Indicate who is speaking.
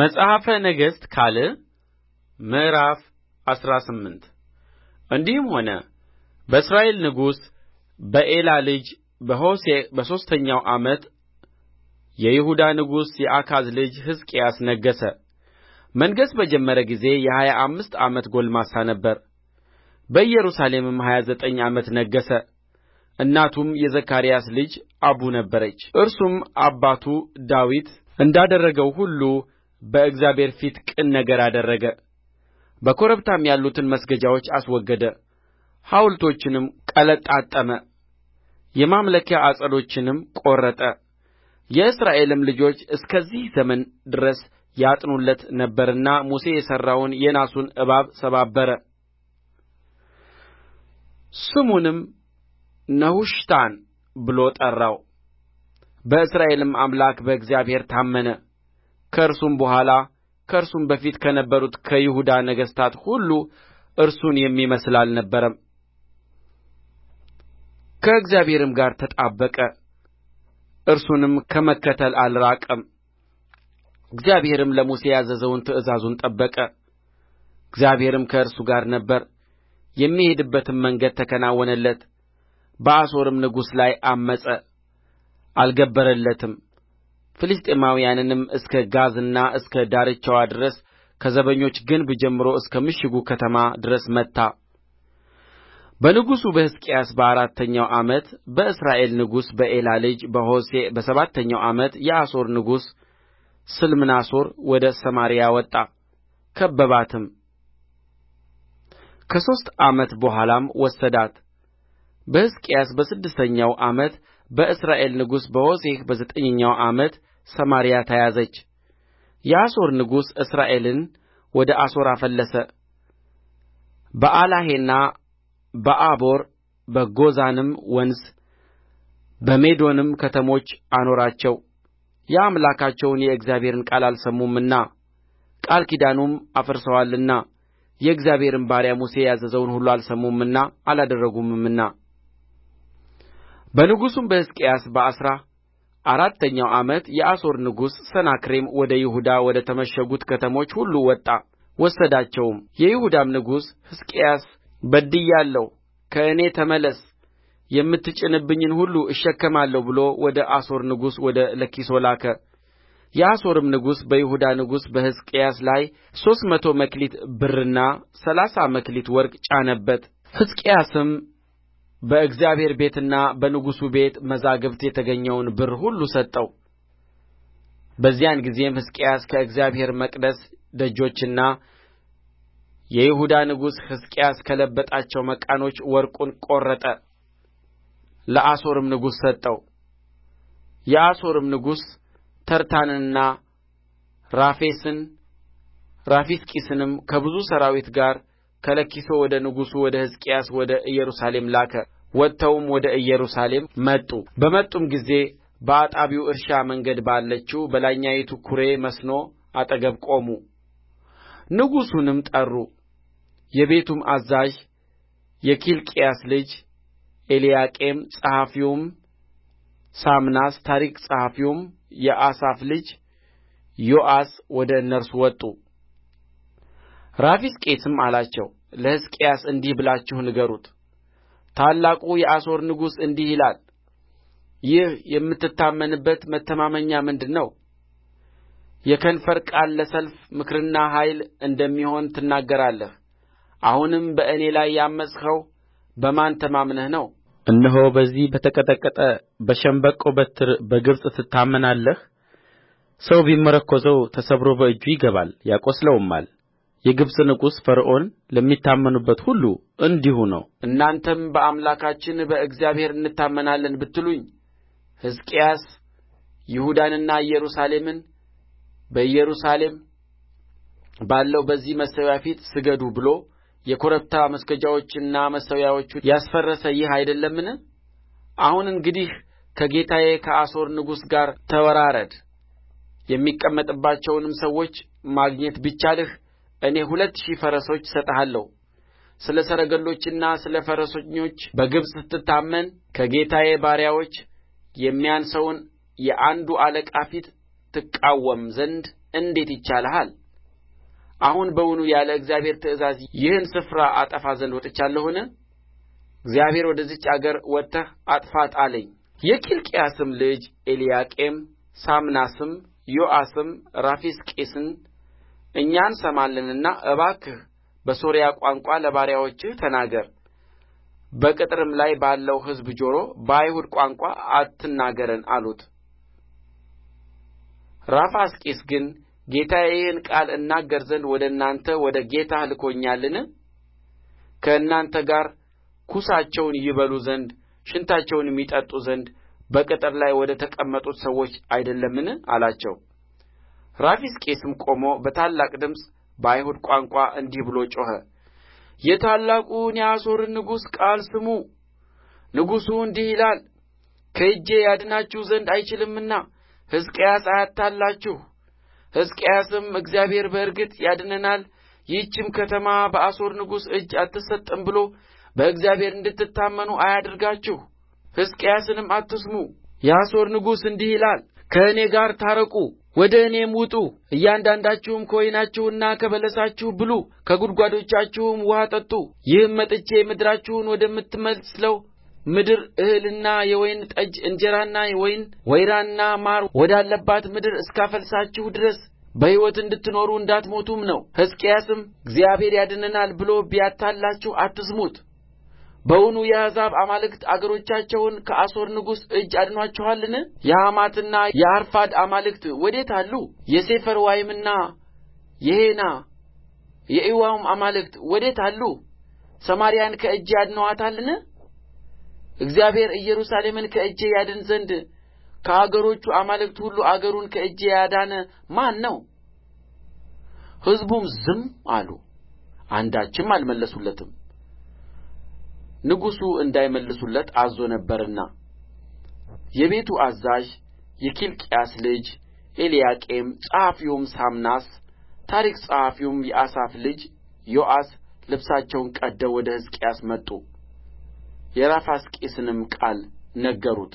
Speaker 1: መጽሐፈ ነገሥት ካልዕ ምዕራፍ አስራ ስምንት እንዲህም ሆነ በእስራኤል ንጉሥ በኤላ ልጅ በሆሴዕ በሦስተኛው ዓመት የይሁዳ ንጉሥ የአካዝ ልጅ ሕዝቅያስ ነገሠ። መንገሥ በጀመረ ጊዜ የሀያ አምስት ዓመት ጎልማሳ ነበር። በኢየሩሳሌምም ሀያ ዘጠኝ ዓመት ነገሠ። እናቱም የዘካርያስ ልጅ አቡ ነበረች። እርሱም አባቱ ዳዊት እንዳደረገው ሁሉ በእግዚአብሔር ፊት ቅን ነገር አደረገ በኮረብታም ያሉትን መስገጃዎች አስወገደ ሐውልቶችንም ቀለጣጠመ የማምለኪያ ዐፀዶችንም ቈረጠ የእስራኤልም ልጆች እስከዚህ ዘመን ድረስ ያጥኑለት ነበርና ሙሴ የሠራውን የናሱን እባብ ሰባበረ ስሙንም ነሑሽታን ብሎ ጠራው በእስራኤልም አምላክ በእግዚአብሔር ታመነ ከእርሱም በኋላ ከእርሱም በፊት ከነበሩት ከይሁዳ ነገሥታት ሁሉ እርሱን የሚመስል አልነበረም ከእግዚአብሔርም ጋር ተጣበቀ እርሱንም ከመከተል አልራቀም እግዚአብሔርም ለሙሴ ያዘዘውን ትእዛዙን ጠበቀ እግዚአብሔርም ከእርሱ ጋር ነበር የሚሄድበትም መንገድ ተከናወነለት በአሦርም ንጉሥ ላይ ዐመፀ አልገበረለትም ፍልስጥኤማውያንንም እስከ ጋዛና እስከ ዳርቻዋ ድረስ ከዘበኞች ግንብ ጀምሮ እስከ ምሽጉ ከተማ ድረስ መታ በንጉሡ በሕዝቅያስ በአራተኛው ዓመት በእስራኤል ንጉሥ በኤላ ልጅ በሆሴዕ በሰባተኛው ዓመት የአሦር ንጉሥ ስልምናሶር ወደ ሰማርያ ወጣ ከበባትም። ከሦስት ዓመት በኋላም ወሰዳት። በሕዝቅያስ በስድስተኛው ዓመት በእስራኤል ንጉሥ በሆሴዕ በዘጠኝኛው ዓመት ሰማርያ ተያዘች የአሦር ንጉሥ እስራኤልን ወደ አሦር አፈለሰ በአላሔና በአቦር በጎዛንም ወንዝ በሜዶንም ከተሞች አኖራቸው የአምላካቸውን የእግዚአብሔርን ቃል አልሰሙምና ቃል ኪዳኑም አፍርሰዋልና የእግዚአብሔርም ባሪያ ሙሴ ያዘዘውን ሁሉ አልሰሙምና አላደረጉምና በንጉሡም በሕዝቅያስ በአሥራ አራተኛው ዓመት የአሦር ንጉሥ ሰናክሬም ወደ ይሁዳ ወደ ተመሸጉት ከተሞች ሁሉ ወጣ ወሰዳቸውም። የይሁዳም ንጉሥ ሕዝቅያስ በድያለሁ፣ ከእኔ ተመለስ፣ የምትጭንብኝን ሁሉ እሸከማለሁ ብሎ ወደ አሦር ንጉሥ ወደ ለኪሶ ላከ። የአሦርም ንጉሥ በይሁዳ ንጉሥ በሕዝቅያስ ላይ ሦስት መቶ መክሊት ብርና ሠላሳ መክሊት ወርቅ ጫነበት። ሕዝቅያስም በእግዚአብሔር ቤትና በንጉሡ ቤት መዛግብት የተገኘውን ብር ሁሉ ሰጠው። በዚያን ጊዜም ሕዝቅያስ ከእግዚአብሔር መቅደስ ደጆችና የይሁዳ ንጉሥ ሕዝቅያስ ከለበጣቸው መቃኖች ወርቁን ቈረጠ፣ ለአሦርም ንጉሥ ሰጠው። የአሦርም ንጉሥ ተርታንንና ራፌስን ራፋስቂስንም ከብዙ ሠራዊት ጋር ከለኪሶ ወደ ንጉሡ ወደ ሕዝቅያስ ወደ ኢየሩሳሌም ላከ። ወጥተውም ወደ ኢየሩሳሌም መጡ በመጡም ጊዜ በአጣቢው እርሻ መንገድ ባለችው በላይኛይቱ ኵሬ መስኖ አጠገብ ቆሙ። ንጉሡንም ጠሩ። የቤቱም አዛዥ የኪልቅያስ ልጅ ኤልያቄም፣ ጸሐፊውም ሳምናስ፣ ታሪክ ጸሐፊውም የአሳፍ ልጅ ዮአስ ወደ እነርሱ ወጡ። ራፋስቂስም አላቸው፣ ለሕዝቅያስ እንዲህ ብላችሁ ንገሩት ታላቁ የአሦር ንጉሥ እንዲህ ይላል ይህ የምትታመንበት መተማመኛ ምንድር ነው የከንፈር ቃል ለሰልፍ ምክርና ኃይል እንደሚሆን ትናገራለህ አሁንም በእኔ ላይ ያመፅኸው በማን ተማምነህ ነው እነሆ በዚህ በተቀጠቀጠ በሸምበቆ በትር በግብጽ ትታመናለህ ሰው ቢመረኰዘው ተሰብሮ በእጁ ይገባል ያቈስለውማል የግብጽ ንጉሥ ፈርዖን ለሚታመኑበት ሁሉ እንዲሁ ነው እናንተም በአምላካችን በእግዚአብሔር እንታመናለን ብትሉኝ ሕዝቅያስ ይሁዳንና ኢየሩሳሌምን በኢየሩሳሌም ባለው በዚህ መሠዊያ ፊት ስገዱ ብሎ የኮረብታ መስገጃዎቹንና መሠዊያዎቹን ያስፈረሰ ይህ አይደለምን አሁን እንግዲህ ከጌታዬ ከአሦር ንጉሥ ጋር ተወራረድ የሚቀመጥባቸውንም ሰዎች ማግኘት ቢቻልህ እኔ ሁለት ሺህ ፈረሶች እሰጥሃለሁ ስለ ሰረገሎችና ስለ ፈረሰኞች በግብጽ ስትታመን ከጌታዬ ባሪያዎች የሚያንሰውን የአንዱ አለቃ ፊት ትቃወም ዘንድ እንዴት ይቻልሃል አሁን በውኑ ያለ እግዚአብሔር ትእዛዝ ይህን ስፍራ አጠፋ ዘንድ ወጥቻለሁን እግዚአብሔር ወደዚች አገር ወጥተህ አጥፋት አለኝ የኪልቅያስም ልጅ ኤልያቄም ሳምናስም ዮአስም ራፋስቂስን እኛ እንሰማለንና እባክህ በሶርያ ቋንቋ ለባሪያዎችህ ተናገር በቅጥርም ላይ ባለው ሕዝብ ጆሮ በአይሁድ ቋንቋ አትናገረን አሉት ራፋስቂስ ግን ጌታዬ ይህን ቃል እናገር ዘንድ ወደ እናንተ ወደ ጌታህ ልኮኛልን ከእናንተ ጋር ኩሳቸውን ይበሉ ዘንድ ሽንታቸውንም ይጠጡ ዘንድ በቅጥር ላይ ወደ ተቀመጡት ሰዎች አይደለምን አላቸው ራፋስቂስም ቆሞ በታላቅ ድምፅ በአይሁድ ቋንቋ እንዲህ ብሎ ጮኸ የታላቁን የአሦርን ንጉሥ ቃል ስሙ ንጉሡ እንዲህ ይላል ከእጄ ያድናችሁ ዘንድ አይችልምና ሕዝቅያስ አያታላችሁ! ሕዝቅያስም እግዚአብሔር በእርግጥ ያድነናል ይህችም ከተማ በአሦር ንጉሥ እጅ አትሰጥም ብሎ በእግዚአብሔር እንድትታመኑ አያድርጋችሁ ሕዝቅያስንም አትስሙ የአሦር ንጉሥ እንዲህ ይላል ከእኔ ጋር ታረቁ ወደ እኔም ውጡ እያንዳንዳችሁም ከወይናችሁና ከበለሳችሁ ብሉ ከጕድጓዶቻችሁም ውኃ ጠጡ ይህም መጥቼ ምድራችሁን ወደምትመስለው ምድር እህልና የወይን ጠጅ እንጀራና ወይን ወይራና ማር ወዳለባት ምድር እስካፈልሳችሁ ድረስ በሕይወት እንድትኖሩ እንዳትሞቱም ነው ሕዝቅያስም እግዚአብሔር ያድነናል ብሎ ቢያታልላችሁ አትስሙት በውኑ የአሕዛብ አማልክት አገሮቻቸውን ከአሦር ንጉሥ እጅ አድኗቸዋልን የሐማትና የአርፋድ አማልክት ወዴት አሉ የሴፈርዋይምና የሄና የዒዋም አማልክት ወዴት አሉ ሰማርያን ከእጄ አድነዋታልን እግዚአብሔር ኢየሩሳሌምን ከእጄ ያድን ዘንድ ከአገሮቹ አማልክት ሁሉ አገሩን ከእጄ ያዳነ ማን ነው ሕዝቡም ዝም አሉ አንዳችም አልመለሱለትም ንጉሡ እንዳይመልሱለት አዝዞ ነበርና የቤቱ አዛዥ የኪልቅያስ ልጅ ኤልያቄም ጸሐፊውም ሳምናስ ታሪክ ጸሐፊውም የአሳፍ ልጅ ዮአስ ልብሳቸውን ቀድደው ወደ ሕዝቅያስ መጡ የራፋስቂስንም ቃል ነገሩት